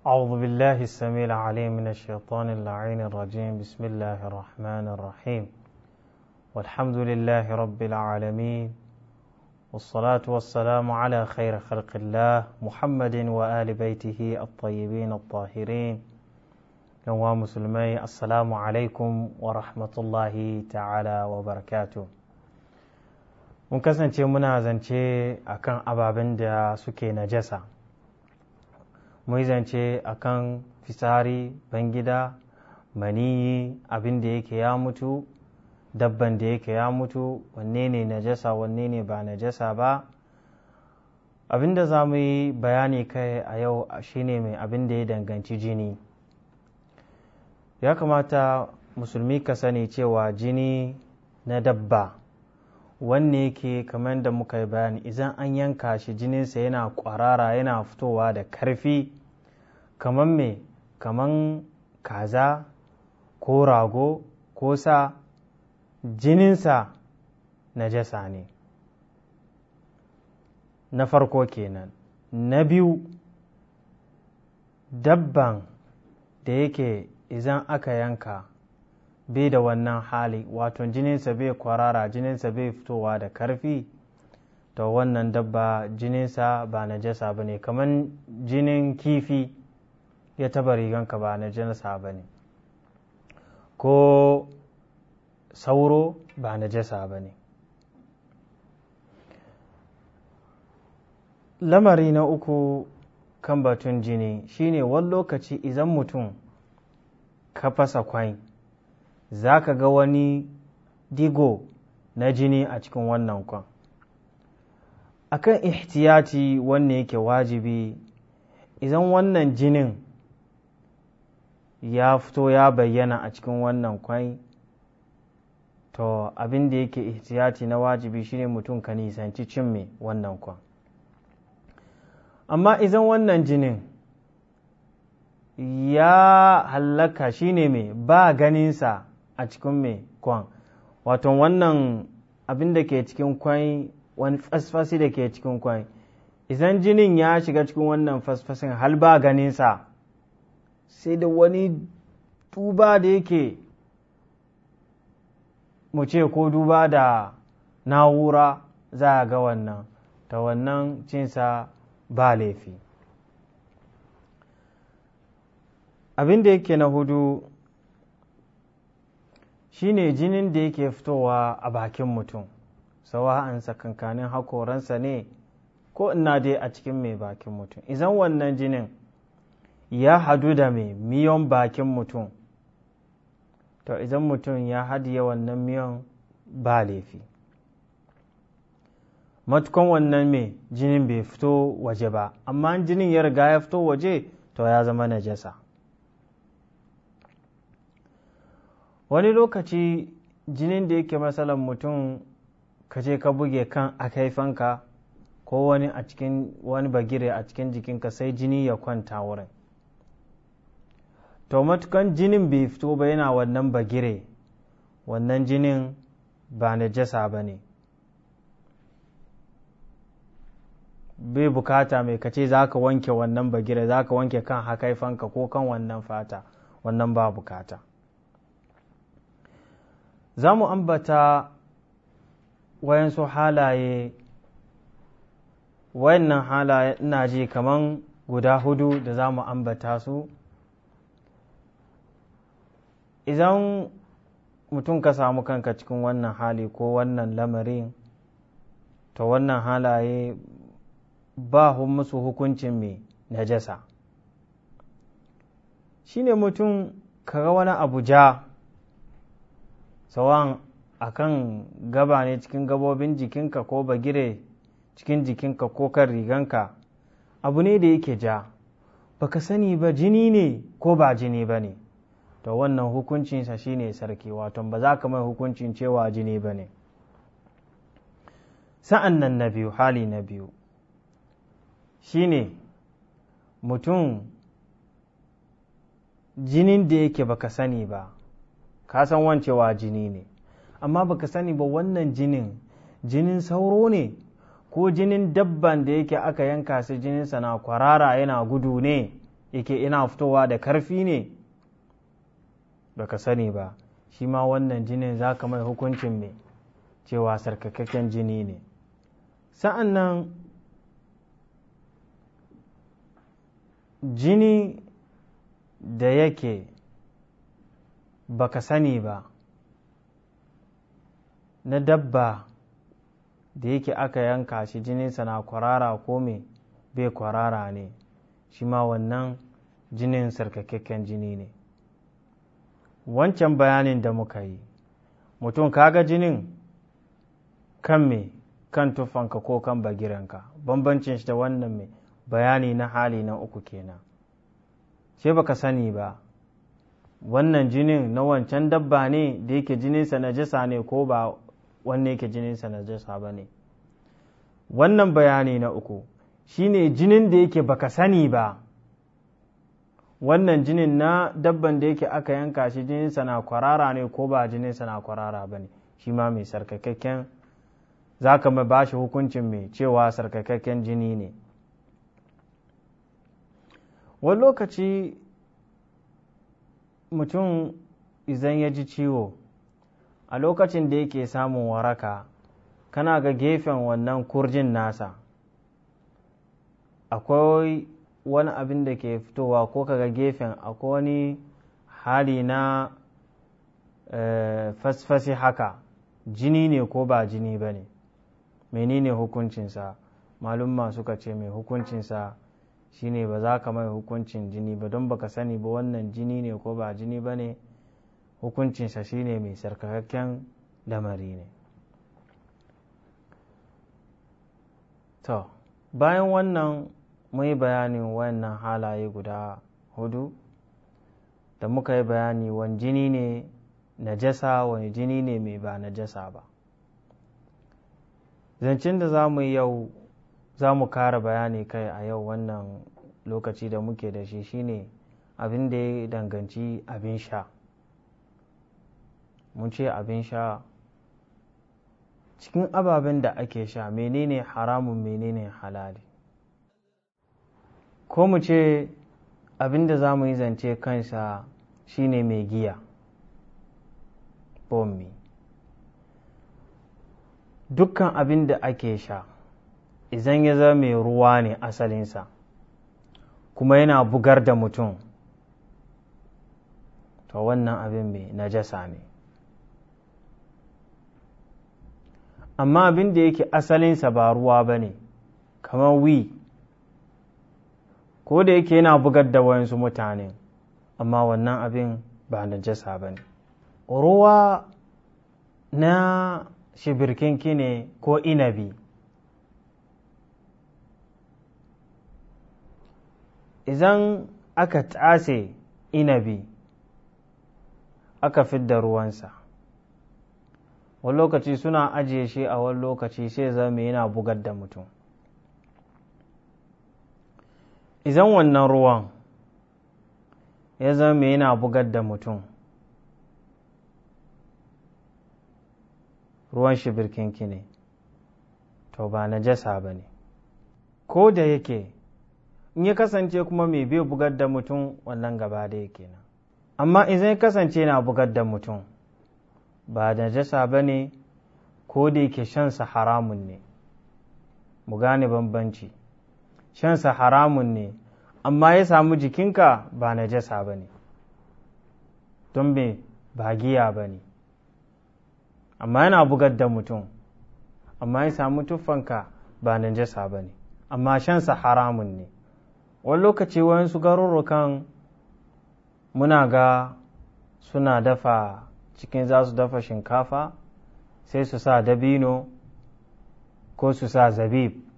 أعوذ بالله السميع العليم من الشيطان اللعين الرجيم بسم الله الرحمن الرحيم والحمد لله رب العالمين والصلاة والسلام على خير خلق الله محمد وآل بيته الطيبين الطاهرين يوم مسلمي السلام عليكم ورحمة الله تعالى وبركاته من kasance muna أكن akan ababen da suke muizance zance akan fisari bangida maniyi abin da yake ya mutu dabban da yake ya mutu wanne ne najasa wanne ne ba najasa ba abin da za mu yi bayani kai a yau shine mai abin da ya danganci jini ya kamata musulmi ka sani cewa jini na dabba wanne yake kamar da muka yi bayani idan an yanka shi jininsa yana kwarara yana fitowa da karfi Kaman me kaman kaza ko rago ko sa jininsa najasa ne na farko kenan na biyu dabban da yake izan aka yanka bai da wannan hali wato jininsa bai kwarara jininsa bai fitowa da karfi to wannan dabba jininsa ba najasa ba ne kamar jinin kifi ya taba riganka ba na jinsa ba ne ko sauro ba na jasa ba ne lamari na uku kan batun jini shine wani lokaci idan mutum ka fasa kwai za ka ga wani digo na jini a cikin wannan kwan akan ihtiyati wanne yake wajibi idan wannan jinin ya fito ya bayyana a cikin wannan kwai to abin da yake ihtiyati na wajibi shine mutum ka nisanci cin mai wannan kwan amma izan wannan jinin ya hallaka shine mai ba ganinsa a cikin mai kwan wato wannan abin da ke cikin kwai wani fasfasi da ke cikin kwai izan jinin ya shiga cikin wannan fasfasin hal ba ganinsa sai da wani duba da yake mu ce ko duba da na'ura za a ga wannan ta wannan cinsa ba laifi abin da yake na hudu shine jinin da yake fitowa a bakin mutum sawa'ansa sakankanin hakoransa ne ko ina dai a cikin mai bakin mutum izan wannan jinin ya hadu da mai miyon bakin mutum to idan mutum ya hadiye wannan miyon ba laifi matukan wannan mai jinin bai fito waje ba amma jinin ya riga ya fito waje to ya zama najasa wani lokaci jinin da yake matsalan mutum ka je ka buge kan kaifanka ko wani a cikin wani bagire a cikin jikinka sai jini ya kwanta wurin to matukan jinin bai fito ba yana wannan bagire wannan jinin ba na jasa ba ne bai bukata mai kace za ka wanke wannan bagire za ka wanke kan hakaifanka ko kan wannan fata wannan ba bukata za mu ambata wayansu halaye wayannan halaye ina ji kaman guda hudu da za mu ambata su idan mutum ka samu kanka cikin wannan hali ko wannan lamarin ta wannan halaye ba musu hukuncin mai najasa shine mutum kaga wani abu ja sawan a kan gaba ne cikin gabobin jikinka ko bagire cikin jikinka ko kan riganka abu ne da yake ja baka sani ba jini ne ko ba jini ba ne to wannan hukuncinsa shine sarki wato ba za ka mai hukuncin cewa jini ba ne sa'an nan na biyu hali na biyu shine mutum jinin da yake baka sani ba ka san wancewa jini ne amma baka sani ba wannan jinin jinin sauro ne ko jinin dabban da yake aka yanka su jininsa na kwarara yana gudu ne yake ina fitowa da karfi ne baka sani ba shi ma wannan jinin za ka mai hukuncin mai cewa sarkakakken jini ne sa'an nan jini da yake baka sani ba na dabba da yake aka yanka shi jininsa na kwarara ko mai bai kwarara ne shi ma wannan jinin sarkakakken jini ne wancan bayanin da muka yi mutum ka ga jinin kan me kan tufanka ko kan bagiranka bambancin shi da wannan me bayani na hali na uku kenan sai baka sani ba wannan jinin na wancan dabba ne da yake jininsa na najasa ne ko ba wanne yake jininsa najasa ba ne wannan bayani na uku shine jinin da yake baka sani ba wannan jinin na dabban da yake aka yanka shi jininsa na kwarara ne ko ba jininsa na kwarara ba ne shi ma mai sarkakakken za ka ba shi hukuncin mai cewa sarkakakken jini ne wani lokaci mutum izan ya ji ciwo a lokacin da yake samun waraka kana ga gefen wannan kurjin nasa akwai wani abin da ke fitowa ko kaga gefen akwai wani hali na eh, fasfasi haka jini ne ko ba jini ba ne menene hukuncinsa malumma suka ce mai hukuncinsa shine ba za ka mai hukuncin jini ba don baka sani ba wannan jini ne ko ba jini ba ne hukuncinsa shine mai sarkakakken damari ne to bayan wannan mun yi bayanin wayannan halaye guda hudu da muka yi bayani wani jini ne najasa wani jini ne mai ba najasa ba zancen da za mu yau za mu kara bayani kai a yau wannan lokaci da muke da shi shine abin da ya danganci abin sha mun ce abin sha cikin ababen da ake sha menene haramun menene halali ko mu ce abin da za mu yi zance kansa shine mai giya bombi dukkan abin da ake sha izan ya zama mai ruwa ne asalinsa kuma yana bugar da mutum to wannan abin mai najasa ne amma abin da yake asalinsa ba ruwa ba ne kamar wii ko da yake yana bugar da wayansu mutane amma wannan abin ba najasa ba ne ruwa na shibirkin kine ko inabi idan aka tase inabi aka fidda ruwansa wani lokaci suna ajiye shi a wani lokaci sai zama yana bugar da mutum idan wannan ruwan ya zama yana bugar da mutum ruwan shi birkinki ne to ba najasa ba ne ko da yake in ya kasance kuma mai bai bugar da mutum wannan gaba da yake nan amma idan ya kasance yana bugar da mutum ba najasa ba ne ko da yake shansa haramun ne mu gane bambanci shansa haramun ne amma ya samu jikinka ba na jasa ba ne don me ba giya ba ne amma yana bugar da mutum amma ya samu tuffanka ba na jasa ba ne amma shansa haramun ne wani lokaci wayansu garurrukan muna ga suna dafa cikin za su dafa shinkafa sai su sa dabino ko su sa zabib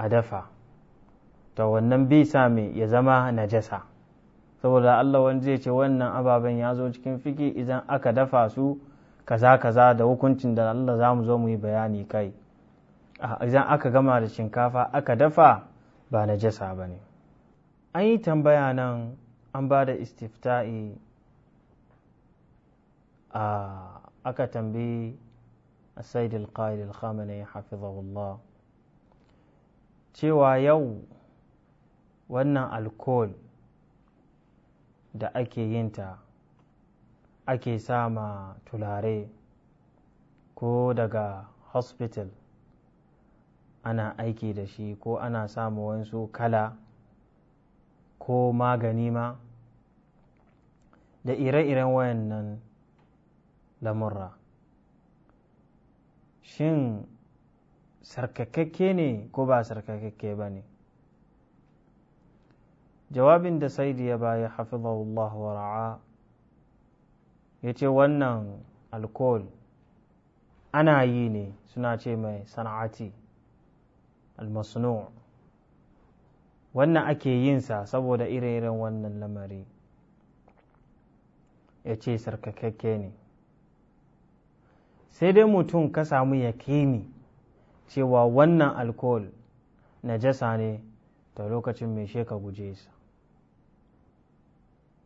a dafa ta wannan bai sa mai ya zama najasa saboda Allah wani zai ce wannan ababen ya zo cikin fiki idan aka dafa su kaza kaza da hukuncin da Allah za mu zo mu yi bayani kai ah, idan aka gama da shinkafa aka dafa ba najasa ba ne an yi tambaya nan an ba da istifta'i a ah, aka tambayi السيد القائد الخامنئي حفظه الله cewa yau wannan alkohol da ake yinta ake sama tulare ko daga hospital ana aiki da shi ko ana samu wasu kala ko magani ma da ire-iren wayannan lamurra shin sarkakakke ne ko ba sarkakakke ba ne jawabin da saidi ya baya hafizahullah wa ra'a ya ce wannan alkohol ana yi ne suna ce mai sana'ati almasnu wannan ake yinsa saboda ire-iren wannan lamari ya ce sarkakakke ne sai dai mutum ka samu yakini cewa wannan alkohol jasa ne ta lokacin mai sheka guje sa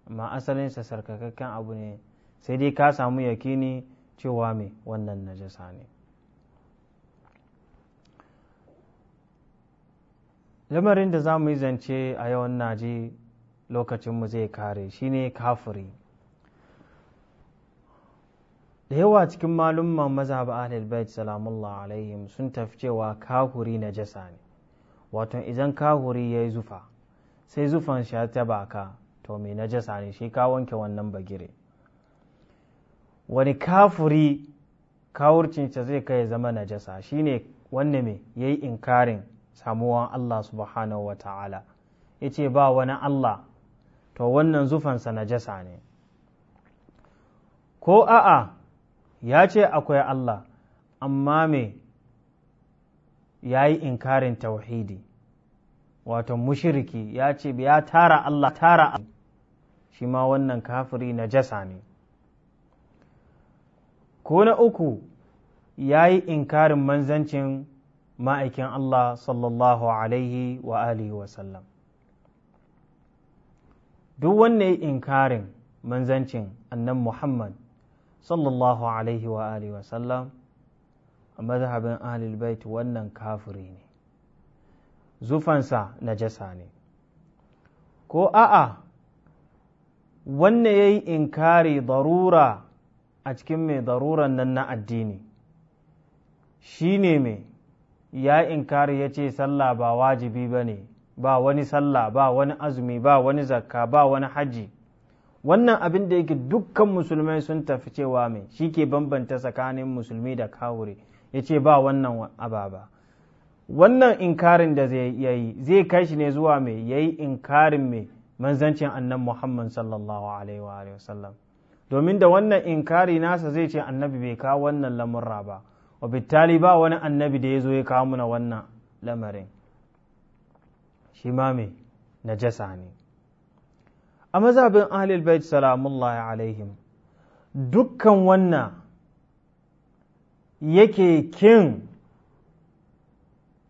amma asalinsa sarkakakken abu ne sai dai ka samu yakini cewa mai wannan na jasa ne lamarin da za mu yi zance a yawan naji lokacinmu zai kare shine kafiri da yawa cikin malumman mazhab ahlul bait salamullah alaihim sun tafi cewa kahuri na jasa ne wato idan kahuri ya yi zufa sai zufan shi ta baka to mai najasa ne shi ka wanke wannan bagire wani kafuri kawurcinsa zai kai zama najasa shine wanne me ya yi inkarin samuwan Allah subhanahu wa ta'ala ya ce ba wani Allah to wannan zufansa najasa ne ko a'a ya ce akwai Allah amma me ya yi inkarin tauhidi wato mushiriki ya ce ya tara Allah tara shi ma wannan kafiri na jasa ne ko na uku ya yi inkarin manzancin ma'aikin Allah sallallahu alaihi wa alihi wasallam duk wanne inkarin manzancin annan Muhammad sallallahu alaihi wa alihi wasallam a mazhabin ahlul bait wannan kafuri ne zufansa najasa ne ko a'a wanne ya yi inkari darura a cikin mai daruran nan na addini shi ne mai ya inkari ya ce sallah ba wajibi ba ne ba wani sallah ba wani azumi ba wani zakka ba wani hajji wannan abin da yake dukkan musulmai sun tafi cewa mai shi ke bambanta tsakanin musulmi da kawure ya ce ba wannan ababa wannan inkarin da zai yi zai kai shi ne zuwa mai ya yi inkarin mai manzancin annan muhammad sallallahu alaihi wa sallam domin da wannan inkari nasa zai ce annabi bai kawo wannan lamurra ba wa ba wani annabi da ya zo ya kawo muna wannan lamarin shi ma mai najasa ne a mazhabin ahlul salamun salamullahi alaihim dukkan wannan yake kin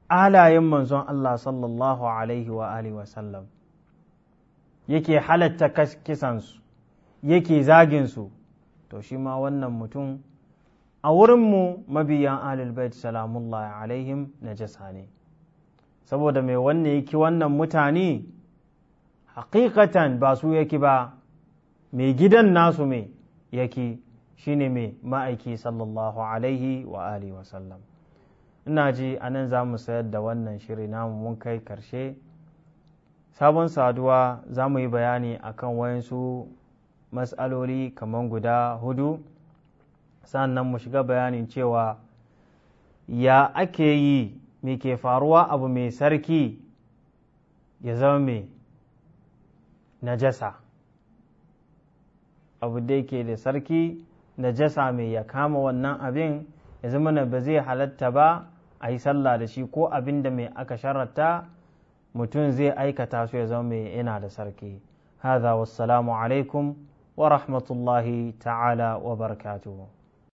alayen manzon Allah sallallahu alaihi wa alihi wasallam yake halatta kisansu yake zaginsu to shi ma wannan mutum a wurinmu mabiyan ahlul bait salamullahi alaihim najasa ne saboda mai wanne yake wannan mutane haƙiƙatan ba su yake ba mai gidan nasu mai yake shine mai ma'aiki sallallahu alaihi wa alihi wasallam ina ji a nan za mu sayar da wannan shiri namu mun kai karshe sabon saduwa za mu yi bayani a akan wayansu matsaloli kamar guda hudu sannan mu shiga bayanin cewa ya ake yi mai ke faruwa abu mai sarki ya zama mai najasa abu da yake da sarki najasa mai ya kama wannan abin ya zama na ba zai halatta ba a yi sallah da shi ko abin da mai aka sharatta mutum zai aikata su ya zama mai yana da sarki هذا والسلام عليكم ورحمه الله تعالى وبركاته